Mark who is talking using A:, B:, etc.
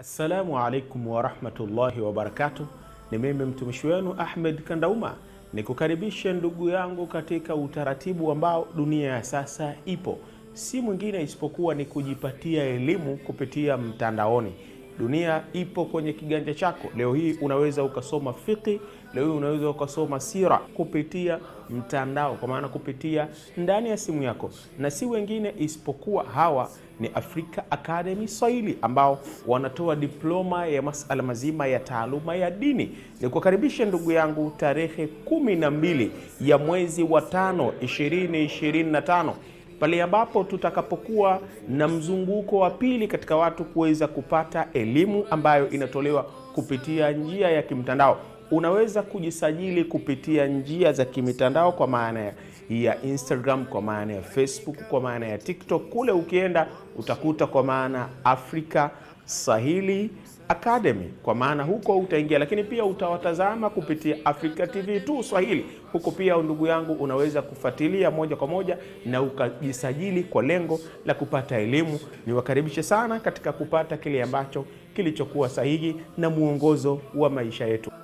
A: Assalamu alaikum warahmatullahi wabarakatu Ni mimi mtumishi wenu Ahmed Kandauma, nikukaribishe ndugu yangu katika utaratibu ambao dunia ya sasa ipo, si mwingine isipokuwa ni kujipatia elimu kupitia mtandaoni. Dunia ipo kwenye kiganja chako. Leo hii unaweza ukasoma fiqi leo hii unaweza ukasoma sira kupitia mtandao, kwa maana kupitia ndani ya simu yako, na si wengine isipokuwa hawa ni Africa Academy Swahili ambao wanatoa diploma ya masala mazima ya taaluma ya dini. ni kukaribisha ndugu yangu, tarehe kumi na mbili ya mwezi wa tano 2025 pale ambapo tutakapokuwa na mzunguko wa pili katika watu kuweza kupata elimu ambayo inatolewa kupitia njia ya kimtandao. Unaweza kujisajili kupitia njia za kimitandao kwa maana ya Instagram, kwa maana ya Facebook, kwa maana ya TikTok. Kule ukienda utakuta kwa maana afrika Swahili Academy, kwa maana huko utaingia, lakini pia utawatazama kupitia Africa TV tu Swahili. Huko pia ndugu yangu, unaweza kufuatilia moja kwa moja na ukajisajili kwa lengo la kupata elimu. Niwakaribishe sana katika kupata kile ambacho kilichokuwa sahihi na mwongozo wa maisha yetu.